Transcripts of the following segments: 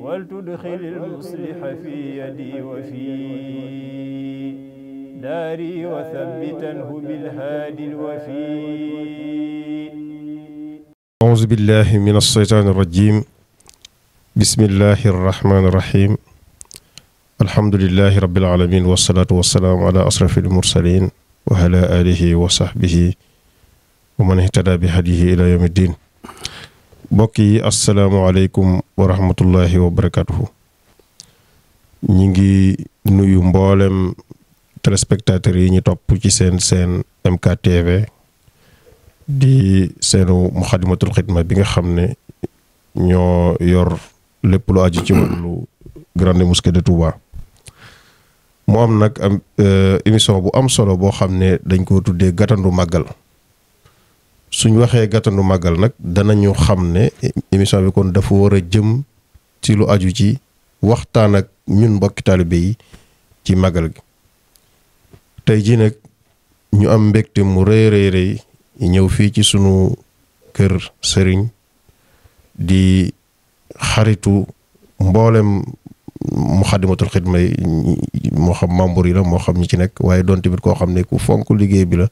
ولتدخل المصلح في يدي وفي داري وثبتنه بالهادي الوفي أعوذ بالله من الشيطان الرجيم بسم الله الرحمن الرحيم الحمد لله رب العالمين والصلاة والسلام على أشرف المرسلين وعلى آله وصحبه ومن اهتدى بهديه إلى يوم الدين mbokk yi asalaamaaleykum wa rahmatullahi wa barakatuhu ñi ngi nuyu mboolem téléspectateurs yi ñu topp ci seen seen MKTV di seenu muxadimatul xidma bi nga xam ne ñoo yor lépp lu aju ci wàllu grande mosquée de Touba mu am nag am euh, émission bu am solo boo xam ne dañ ko tuddee gàttandu màggal suñ waxee gàttandu màggal nag dana danañu xam ne émission bi kon dafa war a jëm ci lu aju ci waxtaan ak ñun mbokki taalibe yi ci màggal gi tey jii nag ñu am mbégte mu rëy rëy ñëw fii ci sunu kër sëriñ di xaritu mboolem Muxaddamatul Xidma moo xam membre yi la moo xam ñi ci nekk waaye doon tamit koo xam ne ku fonk liggéey bi la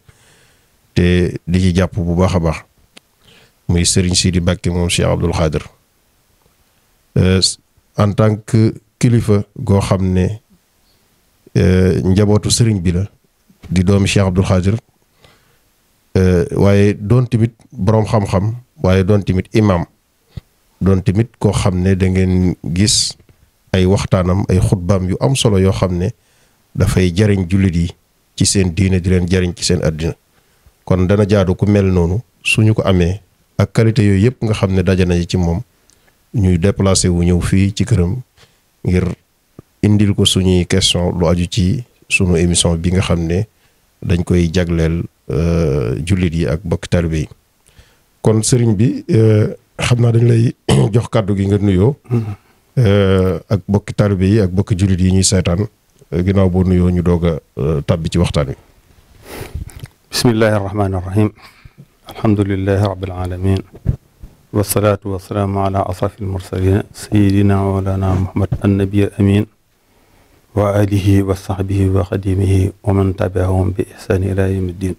te di ci jàpp bu baax a baax muy Serigne Sidi Mbacke moom Cheikh Abdoul Khadir euh, en tant que kilifa goo xam ne euh, njabootu Serigne bi la di doomi Cheikh Abdoul Khadir euh, waaye doon tamit boroom xam-xam waaye doon tamit imam doon tamit koo xam ne dangeen gis ay waxtaanam ay xutbaam yu am solo yoo xam ne dafay jariñ jullit yi ci seen diine di leen jariñ ci seen àddina kon dana jaadu ku mel noonu suñu ko amee ak qualité yooyu yëpp nga xam ne daje nañu ci moom ñuy déplacé wu ñëw fii ci këram ngir indil ko suñuy question lu aju ci sunu émission bi nga xam ne dañ koy jagleel euh, jullit yi ak bokk talibe yi kon sëriñ bi euh, xam naa dañ lay jox kàddu gi nga nuyoo mm-hmm. euh, ak bokki talibe yi ak bokki jullit yi ñuy seetaan ginnaaw boo nuyoo ñu doog a tàbbi ci waxtaan wi bismillahi irrahmani irrahim alhamdulilahi rabilalamin wasalaatu wasalaamu ala asrafi almursalin sayidina walana muhammad annabi al amin wa alihi wa sahbihi wa xadimihi wa man tabiahum bi ihsani ila yawmi ddin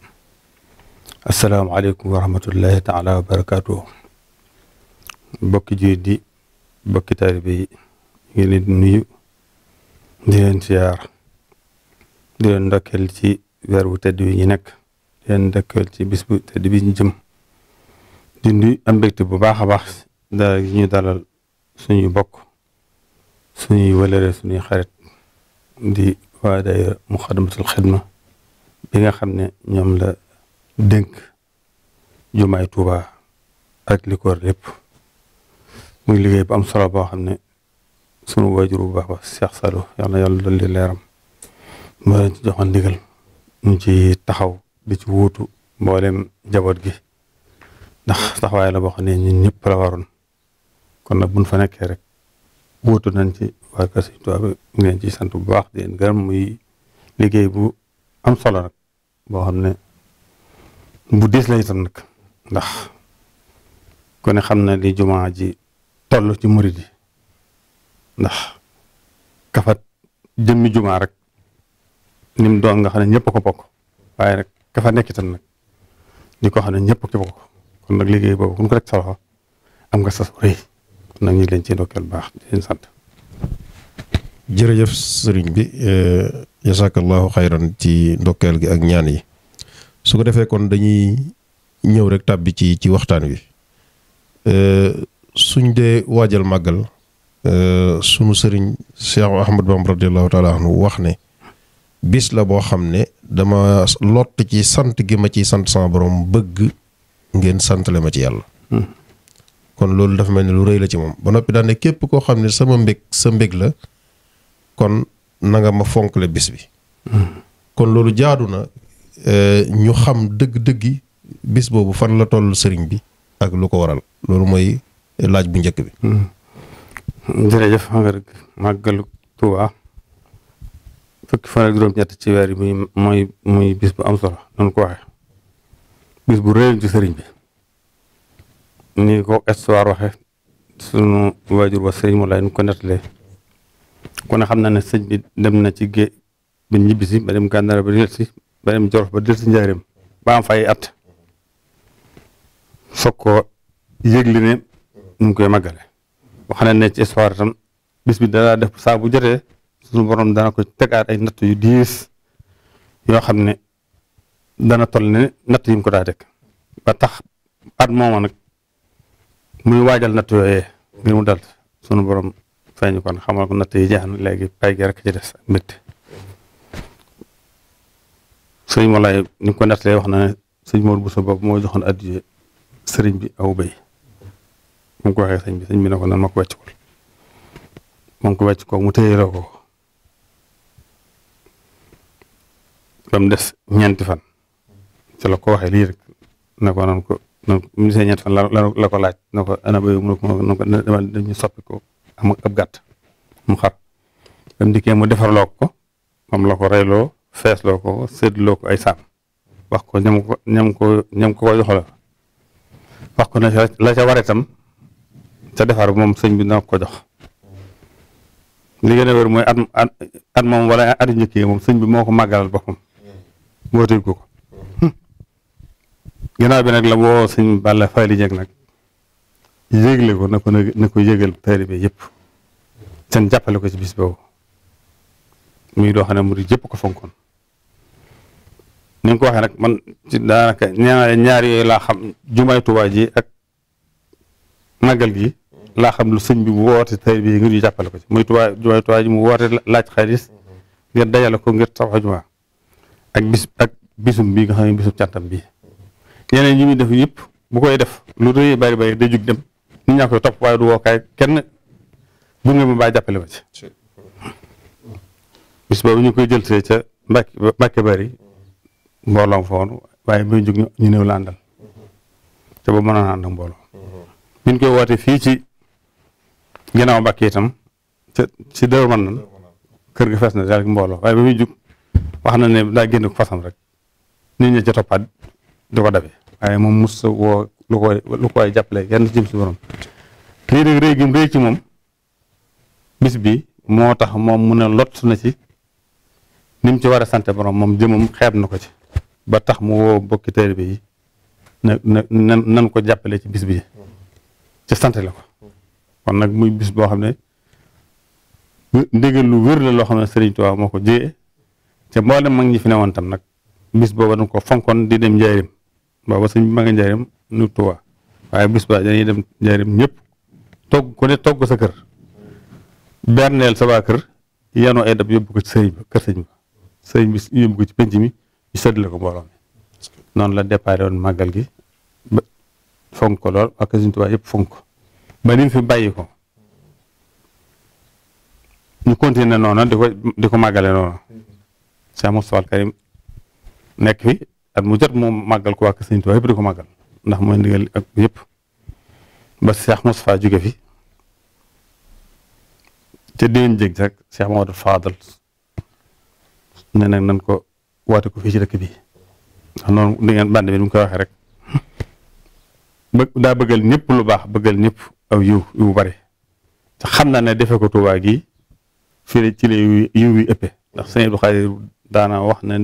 assalaamu aleykum wa rahmatullahi taala wa barakatuhu bokki jiit di bokki taalibe yi ngi leen di nuyu di leen siyaar di leen ndokkeel ci weer wu tedd wi ñu nekk yéen dëkkal ci bis bu te di bi ñu jëm di nuyu bu baax a baax gi ñu dalal suñuy bokk suñuy wëlëre suñuy xarit di waa daayira Muxaddamatul Xidma bi nga xam ne ñoom la dénk jumaay Tuuba ak li ko wër lépp muy liggéey bu am solo boo xam ne sunu waajur bu baax ba Cheikh Saliou yàlla yàlla dolli leeram moo leen ci joxoon ndigal ci taxaw di ci wutu mboolem njaboot gi ndax taxawaay la boo xam ne ñun ñëpp la waroon kon nag buñ fa nekkee rek wuutu nañ ci waa kër Sëriñ Tuubaa bi ñu leen ciy sant bu baax di leen gërëm muy liggéey bu am solo nag boo xam ne bu diis la itam nag ndax ku xam na li jumaa ji toll ci murid ji ndax kafat jëmmi jumaa rek nim doon nga xam ne ñëpp ko bokk waaye rek ka fa nekk itam nag di ko xam ne ñëpp ci kon nag liggéey boobu ku ñu ko rek sa am nga sas rëy nag ñu ngi leen ci ndokkeel baax di sant. jërëjëf sëriñ bi e, jasakallahu xayran ci ndokkeel gi ak ñaan yi su ko defee kon dañuy ñëw rek tàbbi ci ci waxtaan wi e, suñ dee waajal màggal e, sunu sëriñ Cheikh Ahmad Bamba radiyallahu taala anhu wax ne. bis la boo xam ne dama lott ci sant gi ma ciy sant sama boroom bëgg ngeen santale ma ci yàlla. Hmm. kon loolu dafa mel ni lu rëy la ci moom ba noppi daan képp koo xam ne sama mbég sa mbég la kon nanga nga ma fonkle bis bi. Hmm. kon loolu jaadu na eh, ñu xam dëgg-dëggi bis boobu fan la toll sëriñ bi ak lu ko waral loolu mooy laaj bu njëkk bi. Hmm. jërëjëf màggalu Tuubaa fukki fan ak juróom-ñett ci weer yi muy mooy muy bis bu am solo noonu ko waxe bis bu rëy ci sëriñ bi ni ko histoire waxe sunu waajur wa sëriñ Moulay ñu ko nettalee kon xam na ne sëñ bi dem na ci géej ba ñibbisi ba dem Gànnaar ba delsi ba dem Jolof ba delsi Njaaréem ba am fay at soog koo yëgli ne koy màggale tam bis bi dalaa def saa suñu borom dana ko tegaat ay natt yu diis yoo xam ne dana tol ne natt yi ko daa teg ba tax at mooma nag muy waajal natt yooyee ngir mu dal sunu borom feeñu kon xamal ko natt yi jeex na léegi pay gi rek ci des ak mbégte sëñ Malaye ni ko nattalee wax na ne moor bu Bousso boobu moo joxoon addiya sëriñ bi aw béy mu ko waxee sëñ bi sëñ bi ne ko nan ma ko wàccul ko wàcc ko mu téyeloo ko ba mu des ñeenti fan ci la ko waxee lii rek na ko nan ko na mu desee ñeenti fan la ko laaj na ko ana béy mu na ko demal dañu soppi ko am ab gàtt mu xar ba mu dikkee mu defarloo ko moom la ko reyloo feesloo ko séddloo ko ay saam wax ko ñam ko ñam ko ñam ko ko joxal wax ko na la ca war itam ca defar moom sëñ bi na ko jox li gën a wér mooy at at moom wala at njëkk yi moom sëñ bi moo ko màggalal boppam moo tëj ko ko ginnaaw bi nag la woo sëñ Balla Fally Dieng nag yégle ko na ko na ko yégal taalibe yëpp seen jàppale ko ci bis boobu muy doo xam ne murid yëpp ko fonkoon ni nga ko waxee nag man ñaar ñaar laa xam jumaay Tuubaa ji ak màggal gi laa xam lu sëñ bi woote taalibe yi ngir ñu jàppale ko ci muy Tuubaa jumaay mu woote laaj xaalis ngir dajale ko ngir tabax jumaa ak bis ak bisum bi nga xam ne bisum càntam bi yeneen yi muy def yëpp bu koy def lu rëy bari bari day jug dem nit ñaa koy topp waaye du wookaay kenn bu ngeen ma baa jàppale ma ci bis boobu ñu koy jëltee ca Mbàkke Mbàkke bari mbooloom fa woon waaye bay jug ñu néew la àndal te ba mënoon a ànd ak mbooloo mm-hmm. bi ñu koy woote fii ci ginnaaw Mbàkke itam ca ci dër man nan kër gi fees na daal ak mbooloo waaye ba muy jug wax na ne daa génn ko fasam rek nit ñu ci toppaat di ko dabe waaye moom mos woo lu koy lu koy jàppale yenn jëm si borom kii rek réy gim réy ci moom bis bi moo tax moom mu ne lot na ci ni mu ci war a sant borom moom jëmam xeeb na ko ci ba tax mu woo bokki bi yi na na ko jàppale ci bis bi ci sante la ko kon nag muy bis boo xam ne ndigal lu wér la loo xam ne Sëriñ Tuubaa moo ko jiyee te mboolem mag ñi fi newoon tam nag bis booba dañ ko fonkoon di dem njaarim booba sëñ bi ma njaarim nu tuwa waaye bis ba dañuy dem njaarim ñëpp togg ku ne togg sa kër berneel sa waa kër yanoo ay dab yóbbu ko ci sëriñ ba kër sëñ ba sëriñ bi yóbbu ko ci penc mi ñu séddale ko mbooloo noonu la déparé woon màggal gi fonk ko lool ak sëñ Tuubaa yëpp fonk ba ni fi bàyyi ko ñu continuer noonu di ko di ko Cheikh Moustapha Karim nekk fi at mu jot moom màggal ko wàkk sëñ Tuubaa yëpp di ko màggal ndax mooy ndigal ak yëpp ba Cheikh Moustapha jóge fi te déen jég rek Cheikh Mamadou Fadal ne nag nan ko waate ko fii ci dëkk bi ndax noonu di ngeen bànd bi ni mu koy waxee rek daa bëggal ñépp lu baax bëggal ñépp aw yiw yu bari te xam naa ne defe ko Tuubaa gi fii ci la yiw yi ëppee ndax sëñ Abdou Xaadir daana wax na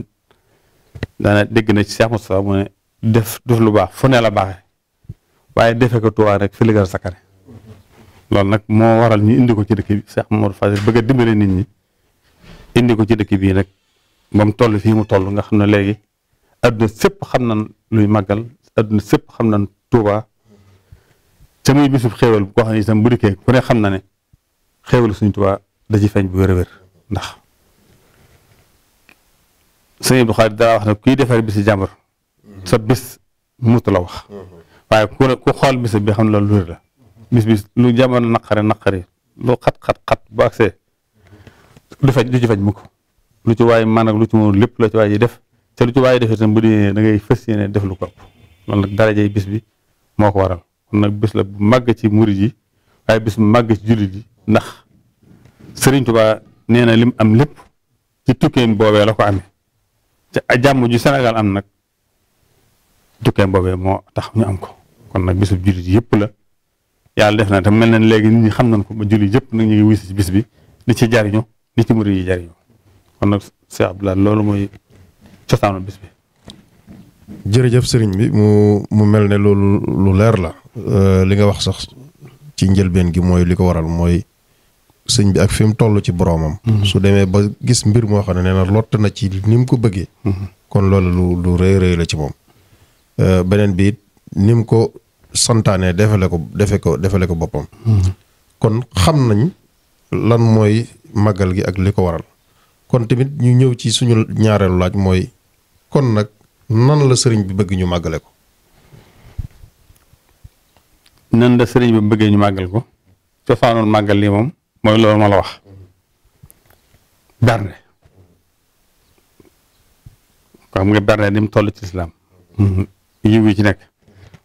daana dégg na ci Cheikh Moustapha mu ne def def lu baax fu ne la baaxe waaye defe ko Tuubaa rek fi liggéey sakare loolu nag moo waral ñu indi ko ci dëkk bi Cheikh Mour Fadil bëgg a dimbale nit ñi indi ko ci dëkk bii nag moom mu toll fii mu toll nga xam na léegi adduna sëpp xam nan luy màggal adduna sëpp xam nan Tuubaa te muy bisub xéewal bu ko xam ne itam bu dikkee ku xam na ne xéewal suñu Tuubaa da ci feeñ bu wér-wér ndax sëñ daa wax ne kuy defar bisi jàmbur sa bis mutu la wax waaye ku ku xool bis bi xam ne loolu lu wér la bis bis lu jamono naqari naqari lu xat xat xat bu agsee du faj du ci mukk lu ci waaye man lu ci moom lépp la ci waay ji def te lu ci waaye def itam bu dee da ngay fas yéene def lu ko ëpp loolu nag darajey bis bi moo ko waral kon nag bis la bu màgg ci murid yi waaye bis bu màgg ci jullit ndax Sëriñ Tuubaa nee na lim am lépp ci tukkeem boobee la ko amee te jàmm ju Sénégal am nag tukkeem boobee moo tax ñu am ko kon nag bisu jullit yëpp la yàlla def na te mel na léegi nit ñi xam nañ ko ba jullit yëpp nag ñu ngi wis ci bis bi li ci jariñu li ci murid yi jariñu kon nag Cheikh Abdoulaye loolu mooy cosaanu bis bi. jërëjëf sëriñ bi mu mu mel ne loolu lu leer la euh, li nga wax sox ci njëlbeen gi mooy li ko waral mooy. sëñ bi ak fi mu toll ci boroomam. Mhm. su demee ba gis mbir moo xam ne nee na lott na ci ni mu ko bëggee. Mhm. kon loolu lu lu rëy rëy la ci moom. Euh, beneen bi it ni ko santaanee defale ko defe ko defale ko boppam. Mhm. kon xam nañ lan mooy màggal gi ak li ko waral. kon tamit ñu ñëw ci suñu ñaareelu laaj mooy kon nag nan la sëriñ bi bëgg ñu màggale ko. nan la sëriñ bi bëggee ñu màggal ko cosaanul màggal lii moom. mooy loolu ma la wax berne xam nga berne ni mu toll ci lislaam mm-hmm. yiw yi ci nekk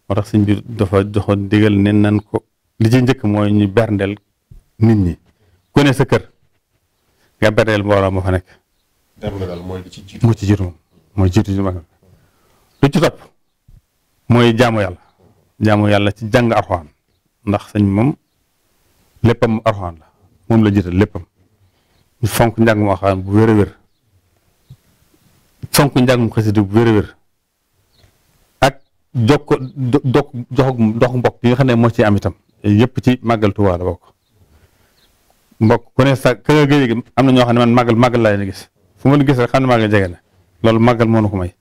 moo tax sëñ bi dafa joxoon digal ne nan ko li ci njëkk mooy ñu berndeel nit ñi ku ne sa kër nga berndeel mbooloo ma fa nekk ci jiitu moom mooy lu ci topp mooy jaamu yàlla jaamu yàlla ci jàng arxuwaan ndax sëñ moom léppam arxuwaan la moom la jiital léppam ñu fonk njàngum alxuraan bu wér a wér fonk njàngum bu wér ak jokko jokk jox dox mbokk yi nga xam ne moo ci am itam yëpp ci màggal Tuubaa la bokk mbokk ku sax sa ka nga am na ñoo xam ne man màggal laa leen gis fu ma la gis rek xam ne màggal jege na loolu màggal moo na ko may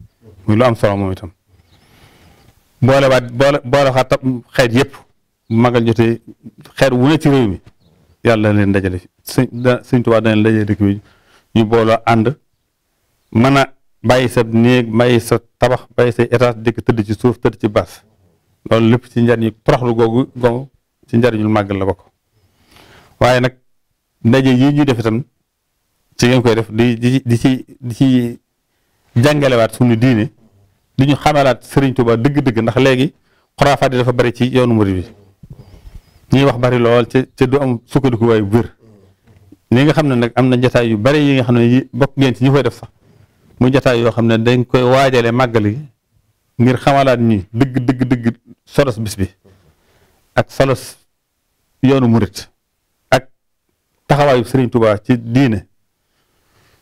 muy lu am solo itam boole waat boole boole xaat xeet yëpp màggal jotee xeet wu ci réew mi yàlla leen dajale sëñ da sëñ Tuubaa dana leen dajale dëkk bi ñu booloo ànd mën a bàyyi sa néeg bàyyi sa tabax bàyyi sa étage dëkk tëdd ci suuf tëdd ci baas loolu lépp ci njariñu toroxlu googu googu ci njariñul màggal la bokk waaye nag ndaje yi ñuy def itam ci ngeen koy def di di di ci di ci jàngalewaat suñu di ñu xamalaat Sëriñ Tuubaa dëgg-dëgg ndax léegi xuraafaat yi dafa bari ci yoonu murid bi ñuy wax bari lool te te du am sukkandiku waay bu li nga xam ne nag am na jataay yu bari yi nga xam ne yi bokk ngeen ci ñu koy def sax mu jataay yoo xam ne dañ koy waajale màggal gi ngir xamalaat ñi dëgg dëgg dëgg solos bis bi ak solos yoonu murit ak taxawaayu sëriñ tubaa ci diine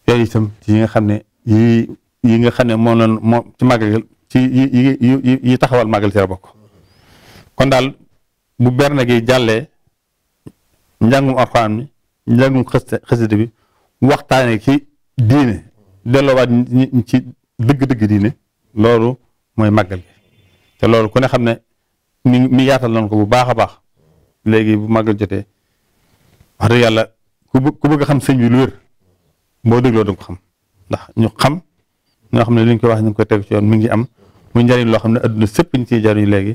yooyu itam ci yi nga xam ne yi yi nga xam ne moom la ci màggal yi yi taxawal màggal ci la bokk kon daal bu berne gi jàllee njàngum alxuraan mi njàngum xasida bi waxtaane ki diine delloowaat ci dëgg-dëgg diine loolu mooy màggal te loolu ku ne xam ne mi mi yaatal nañ ko bu baax a baax léegi bu màggal jotee wax dëgg yàlla ku ku bëgg xam sëñ bi lu wér boo dégloo da nga xam ndax ñu xam ñoo xam ne li ñu koy wax ñu ngi koy teg ci yoon mi ngi am muy njariñ loo xam ne adduna sëpp ñu ciy jariñ léegi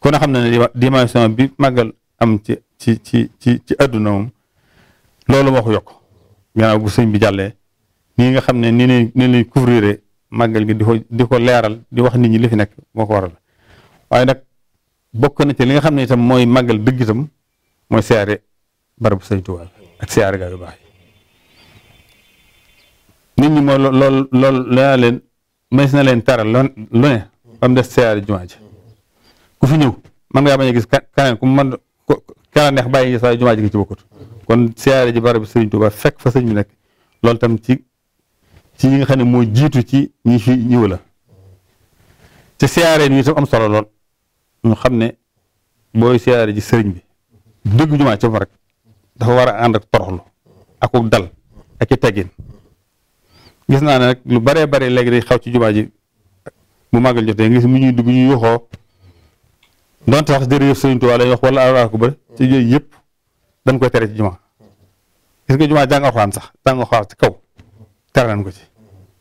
kon a xam na ne dimension bi màggal am ci ci ci ci ci àdduna loolu moo ko yokk gannaaw bu sëñ bi jàllee nii nga xam ne ni ne ni lañ couvrir màggal gi di ko di ko leeral di wax nit ñi li fi nekk moo ko waral waaye nag bokk na ci li nga xam ne itam mooy màggal dëgg itam mooy siyaare barabu sëñ Tuubaa ak siyaare gaa baax yi nit ñi mooy lool lool lool leen mës na leen taral lu ne ba mu des ji ku fi ñëw man ngaa bañ a gis kaneen ku man kala neex bàyyi ngi saay jumaa ji ci bokkut kon siyaare ji barab bi sëriñ Tuuba fekk fa sëñ bi nekk loolu tam ci ci ñi nga xam ne moo jiitu ci ñi fi ñëw la ci siyaare bi itam am solo lool ñu xam ne booy siyaare ji sëriñ bi dëgg jumaa ci rek dafa war a ànd ak toroxlu akuk dal ak gis naa ne nag lu baree bare léegi day xaw ci jumaa ji bu màggal jotee nga gis mu ñuy dugg ñu yuxoo donte sax jërëjëf sëriñ Tuubaa lay wax wala allahu akbar ci yooyu yëpp dañ koy tere ci jumaa gis nga jumaa jàng alxuraan sax jàng alxuraan ci kaw tere nañ ko ci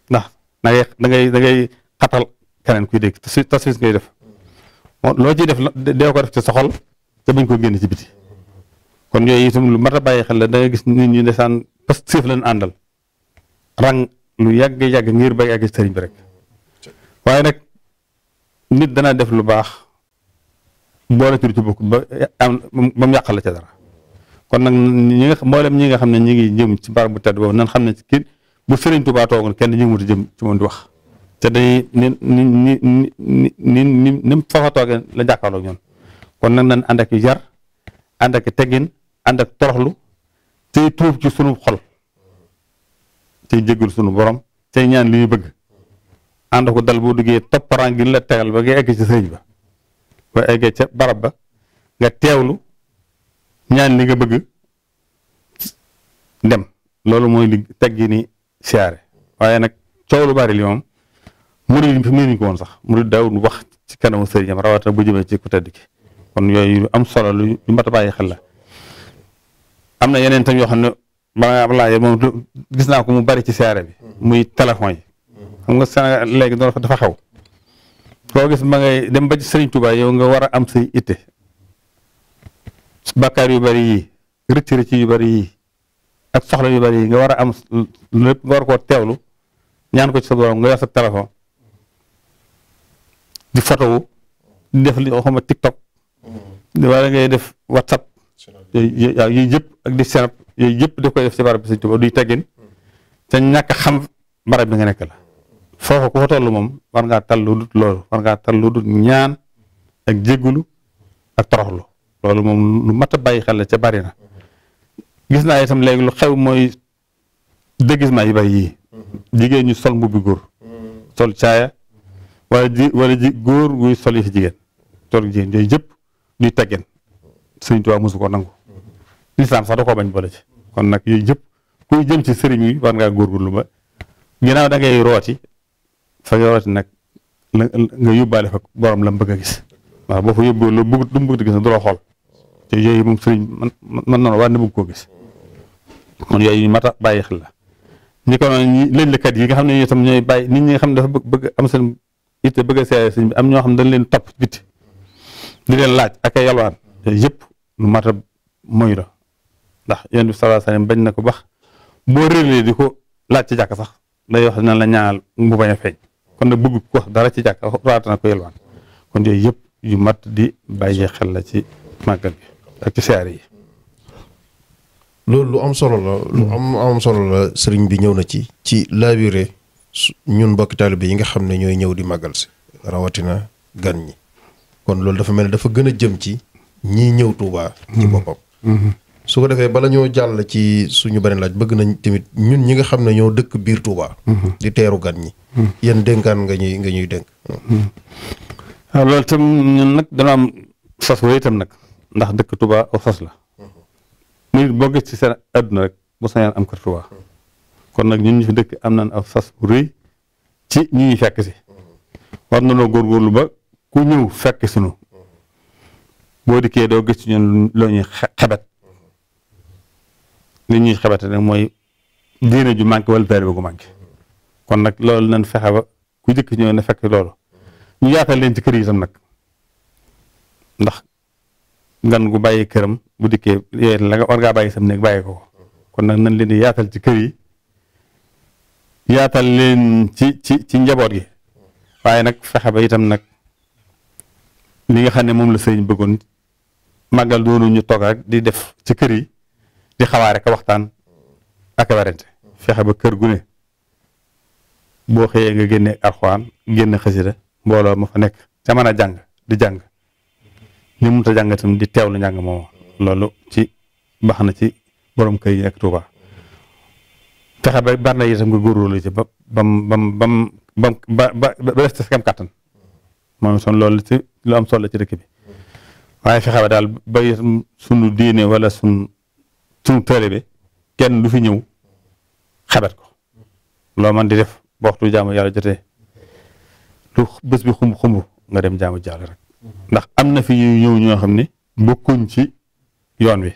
ndax da ngay da ngay da ngay xatal keneen kuy dégg te taswiis ngay def loo ci def dee ko def ci soxol te bañ koo génn ci biti kon yooyu itam lu mat a bàyyi xel la da nga gis nit ñi desaan parce que séef lañ àndal rang lu yàgg yàgg ngir ba àgg sëriñ bi rek waaye nag nit dana def lu baax mboolem tur ci bokk ba am ba mu yàqal la ca dara kon nag ñi nga mboolem ñi nga xam ne ñi ngi jëm ci barab bu tedd boobu nan xam ne kii bu Sëriñ Tuubaa toogoon kenn ñu ngi jëm ci di wax te dañuy ni ni ni ni ni ni ni la jàkkaarloog ñoom kon nag nan ànd ak yar ànd ak teggin ànd ak toroxlu tey tuub ci sunu xol tey jéggul sunu borom tey ñaan li ñu bëgg ànd ko dal boo duggee topparaan gi la tegal ba ngay egg ci sëriñ ba ba eggee ca barab ba nga teewlu ñaan li nga bëgg dem loolu mooy li teggi ni siyaare waaye nag coow lu bari li moom murid fi mënuñ ko woon sax murid daawul wax ci kanamu sëriñam rawatina bu jëmee ci ku tedd kon yooyu am solo lu mat bàyyi xel la am na yeneen tam yoo xam ne ba laaj moom gis naa ko mu bari ci siyaare bi muy téléphone yi xam nga Sénégal léegi dafa xew koo gis ma ngay dem ba ci sëriñ yow nga war a am si ite bakaar yu bari yi rëcc rëcc yu bari yi ak soxla yu bari yi nga war a am lépp nga war koo teewlu ñaan ko ci sa nga yor sa téléphone di photo def li waxuma TikTok wala ngay def WhatsApp yooyu yooyu yëpp ak di senap yooyu yëpp daf koy def ci barab bi sëriñ Tuubaa duy teggin te ñàkk xam barab bi nga nekk la foofa ku fa toll moom war ngaa tal lu dut loolu war ngaa tal lu dut ñaan ak jéggulu ak toroxlu loolu moom lu mat a bàyyi xel la ca bari na gis naa itam léegi lu xew mooy déguisement yi bari yii jigéen ñu sol mbubbi góor sol caaya wala ji góor guy sol yi fi jigéen sol jigéen yooyu yëpp ñuy teggeen sëriñ Tuubaa mosu ko nangu lislaam sax da koo bañ boole ci kon nag yooyu jëpp kuy jëm ci sëriñ wi war ngaa góorgóorlu lu ginnaaw da ngay rooti fa nga rawati nag la nga yóbbaale fa boroom la mu bëgg a gis waaw boo fa yóbboo lu bëgg lu gis na du la xool te yooyu moom sëriñ man man noonu war na bëgg koo gis kon yooyu mat a bàyyi xel la ñi ko noonu lëjlekat yi nga xam ne ñoom itam ñooy bàyyi nit ñi nga xam ne dafa bëgg am seen itte bëgg a seere bi am ñoo xam ne dañ leen topp biti di leen laaj ak ay yalwaan yëpp lu mat a moy la ndax yonent bi sallallahu alayhi bañ na ko bax boo réerlee di ko laaj ci jàkk sax day wax na la ñaanal mu bañ a feeñ kon nag bëgg ko dara ci jàkk raata na ko yelwaan kon yooyu yëpp yu matt di bàyyi xel la ci màggal bi ak ci siyaare yi loolu lu am solo la lu am am solo la sëriñ bi ñëw na ci ci laabire ñun mbokki taalibe yi nga xam ne ñooy ñëw di màggal si rawatina gan ñi kon loolu dafa mel ne dafa gën a jëm ci ñii ñëw Tuubaa ci mm-hmm. boppam mm-hmm. su ko defee bala ñoo jàll ci suñu bari laaj bëgg nañ tamit ñun ñi nga xam ne ñoo dëkk biir Touba. Mhm. di teeru gan ñi. Mhm. yéen dénkaan nga ñuy nga ñuy dénk. waaw mhm. ah, loolu itam ñun nag dana am fas woowu nag ndax dëkk Touba aw la. muy boo ci seen àdduna rek bu sañaan am kon nag ñun ñu fi dëkk am na aw sas bu rëy ci ñi ñuy fekk si. war nañoo góorgóorlu ba ku ñëw fekk sunu. boo dikkee doo gis ci ñun loo ñuy xebet. li ñuy xebate nag mooy diine ju manqué wala taalibe gu manqué kon nag loolu nan fexe ba ku jëkk ñëw na fekk loolu ñu yaatal leen ci kër yi itam nag ndax gan gu bàyyi këram bu dikkee yee la nga war ngaa bàyyi sam néeg ko kon nag nañ leen di yaatal ci kër yi yaatal leen ci ci ci njaboot gi waaye nag fexe ba itam nag li nga xam ne moom la sëriñ bëggoon màggal doonu ñu toog rek di def ci kër yi di xawaare ka waxtaan ak werante fexe ba kër gune boo xëyee nga génne alxuraan génn xasida mbooloo ma fa nekk te mën a jàng di jàng ñu mënut a jàng itam di teewlu jàng moomu loolu ci baax na ci boroom kër yi nekk Tuuba fexe ba bar na itam nga góorgóorlu ci ba bam bam bam ba ba ba ba des kam kàttan moom loolu ci lu am solo ci dëkk bi waaye fexe ba daal ba sunu diine wala sunu sunu bi kenn lu fi ñëw xebet ko loo man di def ba waxtu jaamu yàlla jotee lu bés bi xumb xumb nga dem jaamu jàll rek ndax am na fi ñëw ñoo xam ne bokkuñ ci yoon wi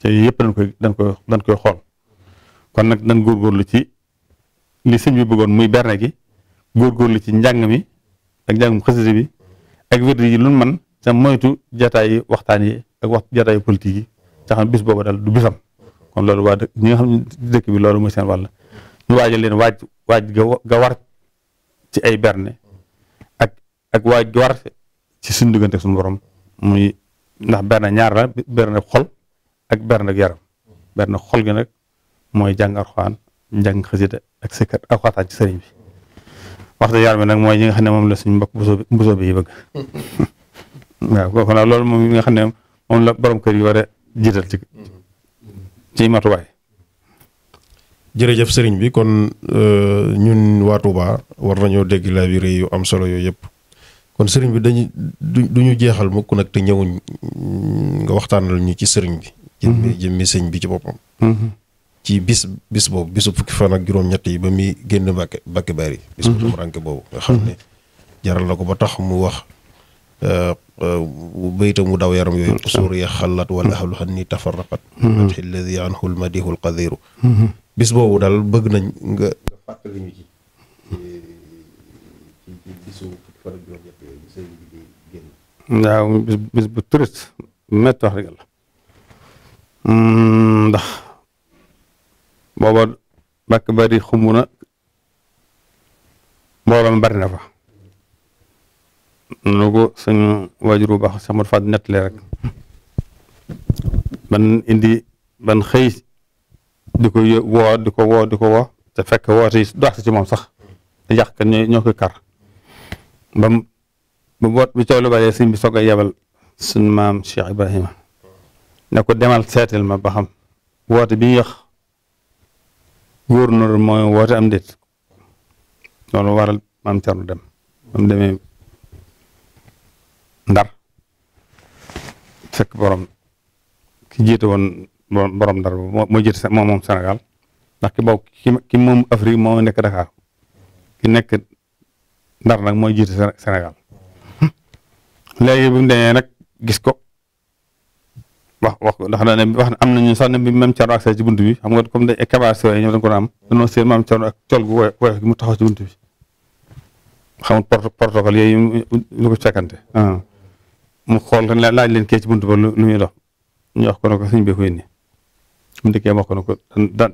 te yëpp dañ koy dañ dañ koy xool kon nag dañ góorgóorlu ci li sëñ bi bëggoon muy berne gi góor góorgóorlu ci njàng mi ak njàngum xasida bi ak wérdi lu man sa moytu jataayi waxtaan yi ak wax jataayi politique yi te xam bis boobu daal du bisam kon loolu waa dëkk ñi nga xam ne dëkk bi loolu mooy seen wàll ñu waaj leen waaj waaj ga war ci ay berne ak ak waaj ga war ci suñ diggante suñu borom muy ndax berne ñaar la berne xol ak berne yaram berne xol gi nag mooy jàng Alxuraan njàng xasida ak sikkar ak waxtaan ci sëriñ bi waxtu yaram bi nag mooy ñi nga xam ne moom la suñu mbokk mbusoo bi yi bëgg waaw jiital ci jërëjëf sëriñ bi kon euh, ñun waa Touba war nañoo dégg laa yu am solo yooyu yëpp kon sëriñ bi dañu du ñu jeexal mukk nag te ñëwuñ nga waxtaanal ñu ci sëriñ bi. Mhm. jëmmi jëmmi sëñ bi ci boppam. Mhm. ci bis bis boobu bisu fukki fan ak juróom-ñett yi ba muy génn Mbàkke Mbàkke Bari bis bu tam mhm. ranke boobu nga xam ne jaral na ko ba tax mu wax. Euh, euh, bayta mu daw yaram yooyu mm-hmm. suuriya xalat wala mm-hmm. ahlu xan ni tafarraqat mm-hmm. fatxi alladi anhu lmadihul qadiru bis boobu daal bëgg nañ nga nga fàttali ñu wax dëgg la mm, ndax bari xumb na mbooloo fa nu ko suñu waajur bu baax Cheikh Modou Fad nettalee rek ban indi ban xëy di ko woo di ko woo di ko woo te fekk woote yi dox ci moom sax te yàq ka ñoo koy kar bam bu boot bi coow lu bëree sëñ bi soog a yebal suñ maam Cheikh Ibrahima ne ko demal seetal ma ba xam woote bi yéex gouverneur mooy woote am déet loolu waral maam Thierno dem bam demee ndar fekk borom woon borom ndar boobu moo jiite moom moom Sénégal ndax ki bokk ki moom Afrique moo nekk Dakar ki nekk ndar nag mooy jiite Sénégal léegi bu mu demee nag gis ko wax wax ko ndax dañ wax am nañu sax ne bi même Thierno ak ci bunt bi xam nga comme day cabaar si waaye ñoom dañ ko am dañoo seen maam Thierno ak col gu woyof gi mu taxaw ci bunt bi xam nga yooyu ñu ko mu xool laaj leen kee ci buntu ba lu muy dox ñu wax ko ne ko sëñ bi ko yónni mu dikkee wax ko ne ko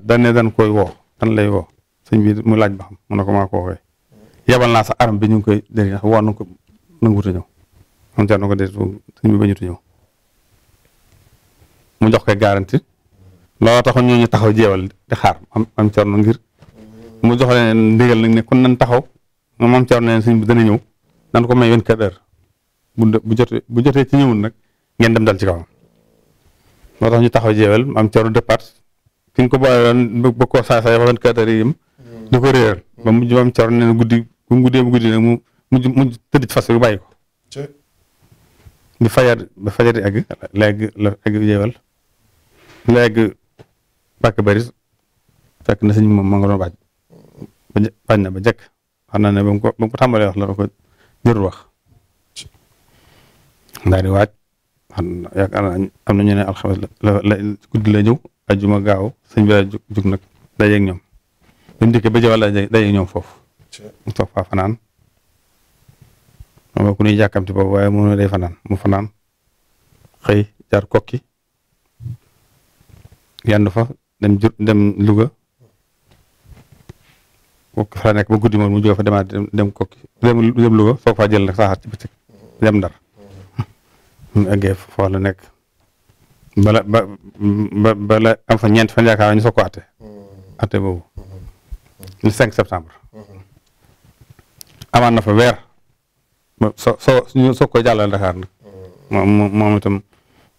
dan ne dan koy wo dan lay woo sëñ bi mu laaj ba xam mu ne ko maa ko woowee yebal naa sax aram bi ñu ngi koy dégg ndax woo na ko nanguwut a ñëw moom jar na ko dee sëñ bi jox koy garanti looloo taxoon ñooñu taxaw jeewal di xaar am am Cerno ngir mu jox leen ndigal nag ne kon nan taxaw moom am Cerno ne sëñ bi dana nan ko may vingt-quatre heures bu jotee bu jotee ci ñëwul nag ngeen dem dal ci kawam moo tax ñu taxaw jeewal am Thierno départ ki ñu ko boole woon ba koo saa saa vingt quatre heures yi hmm. da ko réeral ba mujj ba am Thierno nee na guddi bu mu guddee bu guddi nag mu mujj mujj tëdd ci fas bi bàyyi ko. bi fajar ba fajar di egg léegi la egg jeewal léegi pàkk bari fekk na sëñ moom ma nga doon baaj ba baaj na ba jekk xam naa ne ba mu ko ba mu ko tàmbalee wax la ko jërul wax. daal waaj am na ñu ne alxames la la guddi la ñëw ajjuma gaaw sëñ bi daal jug nag dajeeg ñoom bi mu dikkee ba jaww la dajeeg ñoom foofu. mu toog faa fanaan waaye mu fanaan mu fanaan xëy jaar kokki yandu fa dem jur dem Louga kooku fa nekk ba guddi moom mu jóge fa demaat dem kokki dem Louga soog faa jël nag saxaar ci bëccëg dem Ndar ñu eggee foofu la nekk bala ba ba bala am fa ñeent fan yaakaar ñu soog ko atte mm-hmm. atte boobu mm-hmm. le cinq septembre mm-hmm. amaan na fa weer soo so ñu soog ko jàllale Dakar nag moom moom itam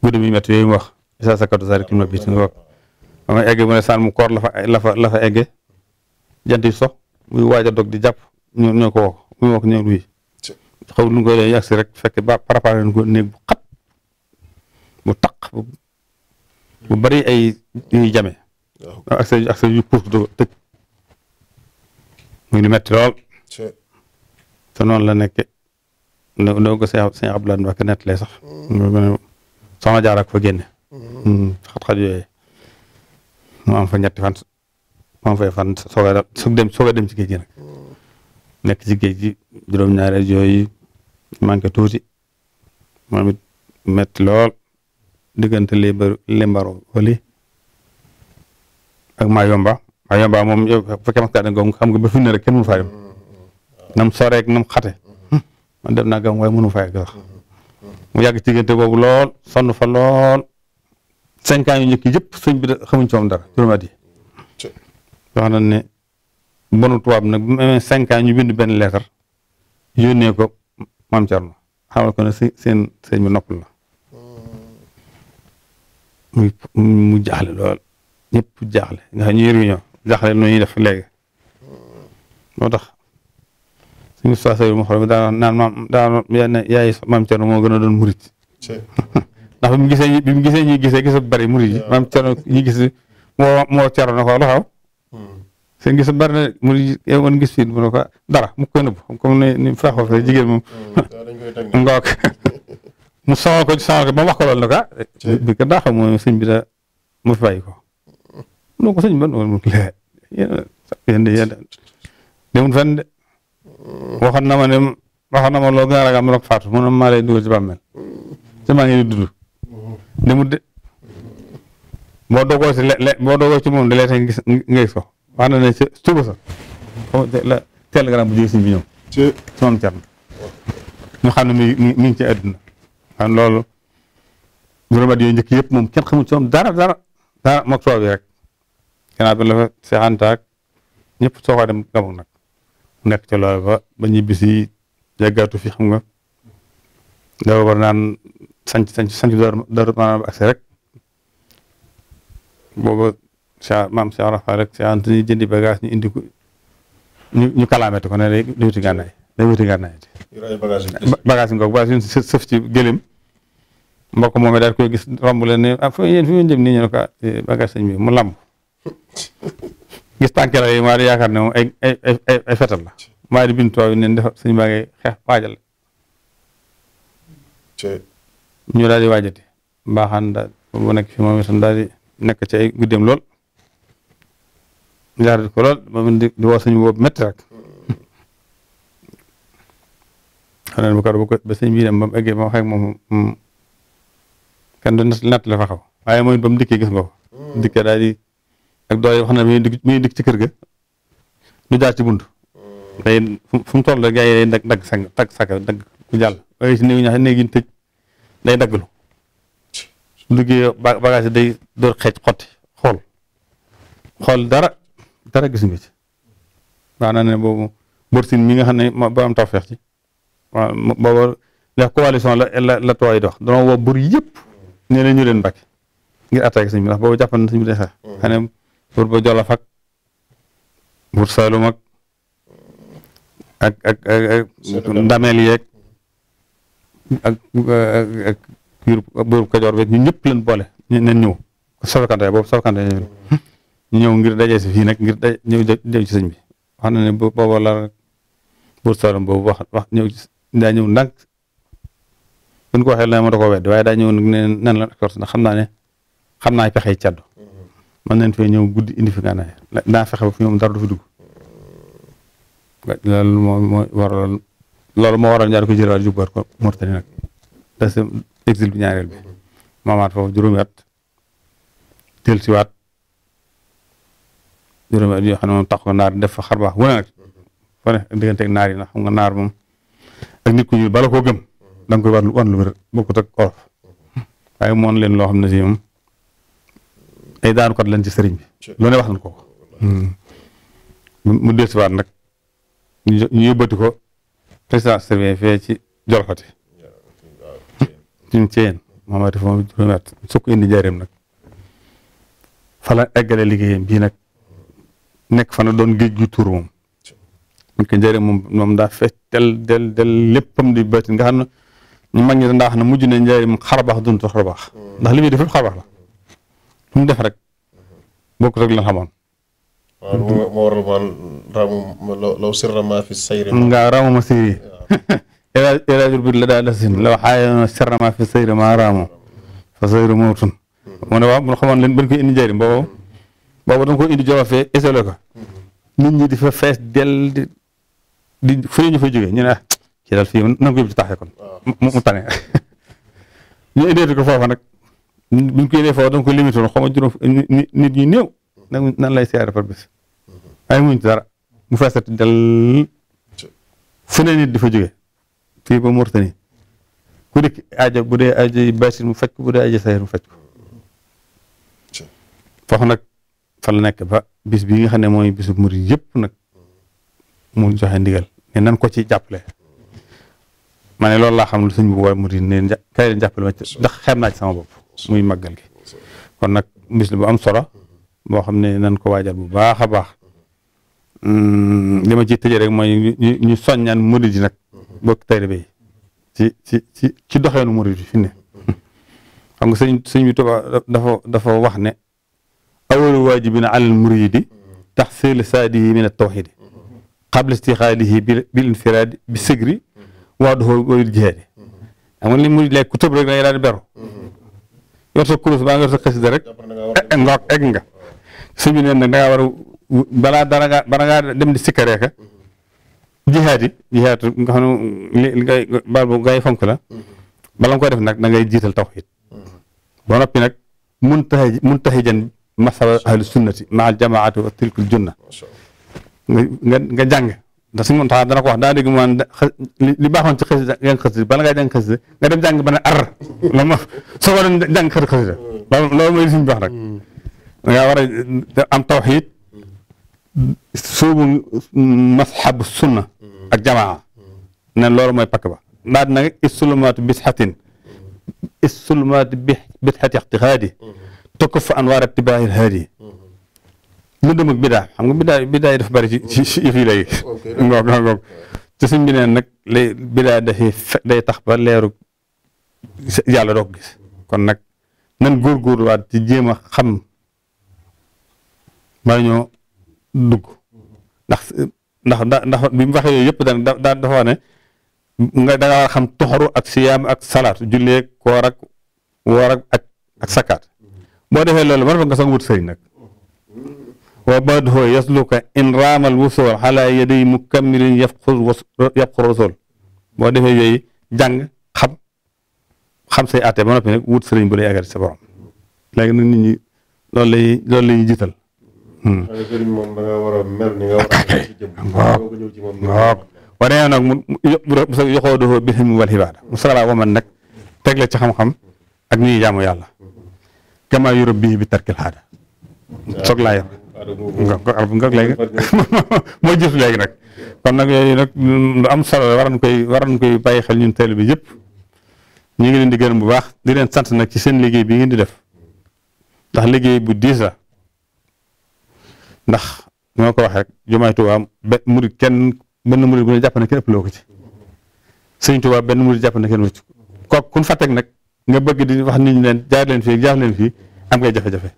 guddi mi métti yooyu mu wax isa sakatu sari kim na biit nga wax ba egge mu ne saan mu koor la fa la fa egge jant yi muy waaj dog di jàpp ñu ko wax muy wax xaw lu ñu koy dee yàgg si rek fekk ba parapare leen ko néeg bu xat bu bari ay yuy jame ak sa ak sa yu puus du tëj muy lu metti lool te noonu la nekke ndoo ko sëñ Abdoulaye Mbacke nettalee sax mm. soxna jaar ak fa mm. Mm. xat-xat yooyu mu am fa ñetti fan mu am fa fan soog a soog dem soog a dem ci géej gi nekk ci juróom-ñaari yooyu manqué tuuti metti lool diggante Lembaroo wali ak Mayomba Mayomba moom yow bu fekkee maskaat googu xam nga ba fi mu kenn mënu faa dem nam soree ak nam xate man dem naa gam waaye mënu faa yegg mu yàgg ci diggante boobu lool sonn fa lool cinq ans yu njëkk yëpp sëñ bi xamuñ ci moom dara juróomi at yi wax nañ tubaab nag bu amee cinq ans ñu bind benn leetar yónnee ko maam Thierno xamal ko ne seen seen sëñ bi noppal la muy mu jaaxle lool ñëpp jaaxle ndax ñu réunion jaaxle nu ñuy def léegi moo tax suñu saasay mu xool daan naan maam daan yenn yaay maam Thierno moo gën a doon murit ndax bi mu gisee ñi gise gisee ñuy gis bari murit yi maam Thierno ñi gis moo moo Thierno na ko loxaw hmm. seen gis bari na murit yi woon fii mu ne ko dara mu koy nëbb comme ni ni faaxoo fee jigéen moom hmm, ngoog mu sonal ko sonal ko ba mu wax ko loolu nag ah. bi kat mu fi bàyyi ko. non ko sëñ bi man mu leer yéen de yéen de de waxoon na ma loo gën a ragal ma ne ko faatu mu ne maa lay dugal ci bàmmeel te maa ngi di dund demul de boo doogoo si le le boo doogoo ci moom da lay gis nga gis ko wax ne ci suba sax la telegram bu jógee sëñ ci moom car na ñu xam ne mi ngi ci àdduna an loolu gurmat yooyu njëkk yëpp moom kenn xamul ci dara dara dara mook soo bi rek gannaaw bi la fa seexantaak ñëpp soo dem gamul nag nekk ca loolu ñibbisi yàggaatu fi xam nga dafa war sanc sanc sanc dara maanaam agsi rek booba sa maam sa rafa rek sa ant ñu jëndi bagage ñu indi ko ñu ñu kalaamete ko ne léegi duuti gànnaay day wuti ngànnaayati bagage yi ngoog bagage yi sëf ci moom daal koy gis romb leen ne ah fu fi ngeen jëm nii ñu ne ko ah, eh, bagage sëñ mu lamb gis tànkela maa di yaakaar ne moom ay ay ay fetal la maa di bind tubaab yi neen dafa sëñ baa ngay daal di waajate fi moom itam daal di nekk ci ay guddeem lool jaar ko lool ba mu di woo sëñ boobu métti rek faneen bu kar bu ko ba sëñ bi dem ba mu eggee ba mu xëy moom kenn du natt la xaw waaye mooy ba mu dikkee gis nga ko hmm. dikkee daal ak doole wax na mi ngi ci kër ga du jaar ci bunt day hmm. fu mu toll gaa yi day dag dagg sang tag dagg ku jàll waaye si day dagglu su duggee bagage day door xeej xotti xool xool dara dara gis nga ci maanaam ne boobu bërsin mi nga xam ne ba am tawfeex ci waaw booba leex la la la tooy dox danoo woo bur yëpp ne la ñu leen mbàkk ngir attaqué sëñ bi boobu jàpp na sëñ bi day xeex mm. xane bur ba Jolof ak bur Saalum ak ak ak ak ndameel yeeg ak ak buur Kajoor beeg ñu ñëpp leen boole ñu leen ñëw safakante boobu safakante ñu ñëw ngir dajee si fii nag ngir daj ñëw ci sëñ bi wax na ne booba la buur boobu wax wax daa ñëw ndànk buñ ko waxee na ma da ko waaye daa ñëw ne nan la escorte ndax xam naa ne xam naa pexe yi caddu man mm-hmm. nañ fee ñëw guddi indi fi gànnaay daa fexe ba fi ñoom dara moo moo waral ñaar ko jëlaat jubbaat ko Mauritanie nag da sa exil bi ñaareel bi maamaat foofu juróomi siwaat juróomi at yoo xam ne moom tax ko naar def fa xar baax wu nag mm-hmm. fa ne naar yi na xam nga naar moom ak nit ku ñuul bala koo gëm da nga koy war wan lu wér bokkut ak olof waaye moon leen loo xam ne si moom ay daanukat lañ ci sëriñ bi lu ne wax nañ ko ko hmm. mu desuwaat nag ñu yóbbati ko président service fee ci jolfati suñ ceen mamati fo juróomi at sukk indi jaareem fala eggale liggéeyam bii nag nekk fana doon géej ju tuur moom buñ ko jëlee moom moom daa fees del del del léppam di béytin nga xam ne ñu mag ñi ndax na mujj ne njëriñ xarbaax dund xarbaax ndax li muy def xarbaax la lu mu def rek bokkut rek la xamoon. waaw moo waral nga raamu ma sayri. ilaajul biir la daa dasin law xaaya sirra maa fi sayri maa raamu fa sayri mootun. Hmm. mu ne waaw mu xamoon leen indi njëriñ boobu boobu da nga ko indi joxe fee isolé ko hmm. nit di fees del di fu ñu fa jógee ñu ne ah ci daal fii na ko yóbbu ci taxee kon mu mu tane ñu indee ko foofa nag buñ ko indee foofa da nga ko limité woon nit ñi néew nan nan lay siyaare par bés mm-hmm. ay muñ dara mu feesati del fu ne nit di fa jógee fii ba Mauritanie ku dikk aajo bu dee aajo yi mu faj bu dee aajo sayir mu faj ko mm-hmm. foofu nag fa nekk ba bis bi nga xam ne mooy bisu murid yëpp nag mu joxe ndigal ne nan ko ci jàppale ma ne loolu laa xam lu sëñ bu waay mu di kay leen jàppale ma ci xem naa ci sama bopp muy màggal gi kon nag bis bu am solo boo xam ne nan ko waajal bu baax a baax mm, li ma ciy rek mooy ñu ñu soññaan murid yi nag bokk taalibe yi ci ci ci ci doxeenu murid yi fi ne xam nga sëñ sëñ bi Tuubaa dafa dafa wax ne na waajibina alal di tax seeli saadi yi min at qabla istixaalihi bil infiraadi bi sigri waaduhu walil jihaadi xam nga li murid lekk tëb rek da ngay daal di beru mm-hmm. yor sa kurus baa nga yor sa xasida rek ngoog nga sëñ nag da war a balaa dara ngaa bara ngaa dem di sikkaree ka mm-hmm. jihaad yi nga xam ne li ngay baal mm-hmm. bala nga def nag da ngay jiital tawxiid ba noppi nag muntahi muntahijan masaba ahlu sunnati maa al jamaati wa tilkul junna nga nga jàng ndax suñu mëntaxaa dana ko wax daa dégg mu naan li baaxoon ci xasida jàng xasida bala ngaa jàng xasida nga dem jàng ba ne ar la ma soo ko doon jàng xasida xasida loolu mooy suñu wax rek nga war a am tawxiid soobu masxabu sunna ak jamaa ne loolu mooy pakk ba ndaa dina isulumaatu bisxatin isulumaatu bisxati ixtixaadi tukk fa anwaar ibtibaahil haadi lëndëm ak bidaa xam nga bidaa bidaa yi dafa bari ci ci yëf yi léegi ngoog ngoog te suñ bi nag lay de dafay day tax ba leeru yàlla doo ko gis kon nag góor góorgóorluwaat ci jéem a xam bala ñoo dugg ndax ndax bi mu waxee yooyu yëpp da daa dafa ne nga xam toxaru ak siyaam ak salaat julleeg koor ak ak sakaat boo defee loolu ba nga soog wut sëriñ nag wa badho yasluka in raamal wusool xalaa yaday mukammilin yafqu rusul boo defee yooyu jàng xam xam sey atte ba noppi nag wut sëriñ bu lay àggal sa borom léegi nag nit ñi loolu lay loolu lay jiital. Hmm. moom da nga war a mel ni mu mu yoxoo doxoo bi mu wal xibaar mu sara wa man nag teg ci xam-xam ak ñuy jaamu yàlla. gamaa mm-hmm. yurab bii bi tarkil xaada soog laa nga léegi moo jëf léegi nag kon nag yooyu nag lu am solo waran koy waran koy bàyyi xel ñun teel bi yëpp ñu ngi leen di gërëm bu baax di leen sant nag ci seen liggéey bi ngeen di def ndax liggéey bu diis la ndax ñoo ko wax rek jumaay Tuubaa be murid kenn benn murid bu ne jàpp na kenn ëpp loo ko ci sëñ Tuubaa benn murid jàpp na kenn wëcc kook kun fa teg nag nga bëgg di wax nit ñi leen jaar leen fii jaar leen fii am ngay jafe-jafe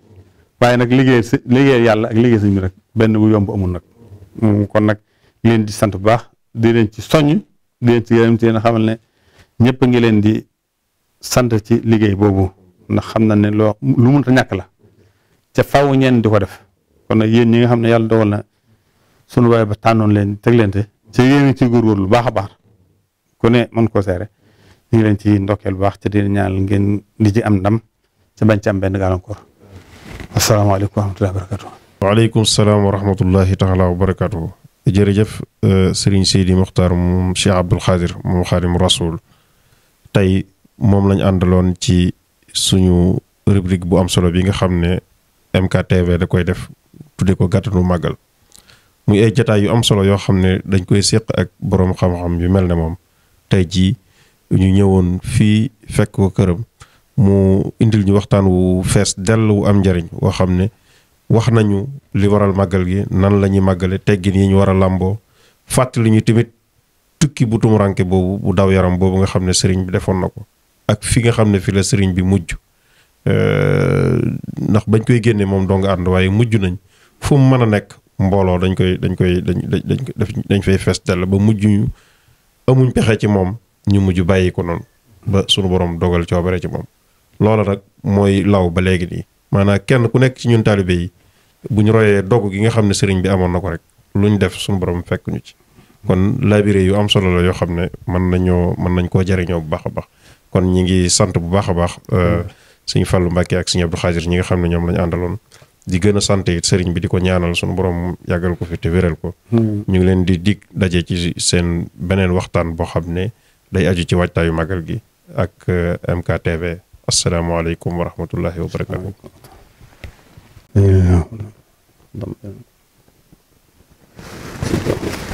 waaye nag liggéey si liggéey yàlla ak liggéey sëñ bi benn bu yomb amul nag mm, kon nag leen di sant bu baax di leen ci soññ di leen ci yërëm ci leen xamal ne ñëpp a ngi leen di sant ci liggéey boobu ndax xam na ne loo lu mënut ñàkk la ca faaw ñeen di ko def kon nag yéen ñi nga xam ne yàlla dogal na sunu waaye ba tànnoon leen teg teglante ci yéen ci lu baax a baax ku ne mën koo seere ñu ngi leen ci ndokkeel bu baax te di ñaanal ngeen di ci am ndam ca bañ am benn gàllankoor asalaamaaleykum wa rahmatullahi wa barakatuh waaleykum salaam wa rahmatullahi taala wa barakatuh jërëjëf euh, sëriñ Seydi Muxtaar moom Cheikh Abdul Xaadir moom Xaadimu Rasuul tey moom lañ àndaloon ci suñu rubrique bu am solo bi nga xam ne MKTV da koy def tudde ko gàttanu màggal muy ay jataay yu am solo yoo xam ne dañ koy séq ak boroom xam-xam yu mel ne moom tey jii ñu ñëwoon fii fekk ko këram mu indil ñu waxtaan wu fees dell wu am njariñ woo xam ne wax nañu li waral màggal gi nan la ñuy màggale teggin yi ñu war a làmboo fàttali ñu timit tukki bu tumuranke boobu bu daw yaram boobu nga xam ne sëriñ bi defoon na ko ak fi nga xam ne fi la sëriñ bi mujj euh, ndax bañ koy génnee moom doo nga ànd waaye mujj nañ fu mu mën a nekk mbooloo dañ koy dañ koy dañ dañ dañ fay fees dell ba mujj ñu amuñ pexe ci moom ñu mujj bàyyi ko noonu ba sunu borom dogal coobare ci moom loola nag mooy law ba léegi nii maanaam kenn ku nekk ci ñun taalibe yi bu ñu royee dogu gi nga xam ne sëriñ bi amoon na ko rek lu ñu def suñu borom fekk ñu ci kon labiré yu am solo la yoo xam ne mën nañoo mën nañ koo jariñoo bu baax a baax kon ñi ngi sant bu baax a baax euh, mm-hmm. suñu Fallou Mbacké ak suñu Abdou Khadir ñi nga xam ne ñoom lañu àndaloon di gën a sant it sëriñ bi di ko ñaanal suñu borom yàggal ko fi te wéral ko mm-hmm. ñu ngi leen di dig dajee ci seen beneen waxtaan boo xam ne day aju ci waajtaayu magal gi ak euh, MKTV asalaamaaleykum wa rahmatullahi wa barakaatu. waaw.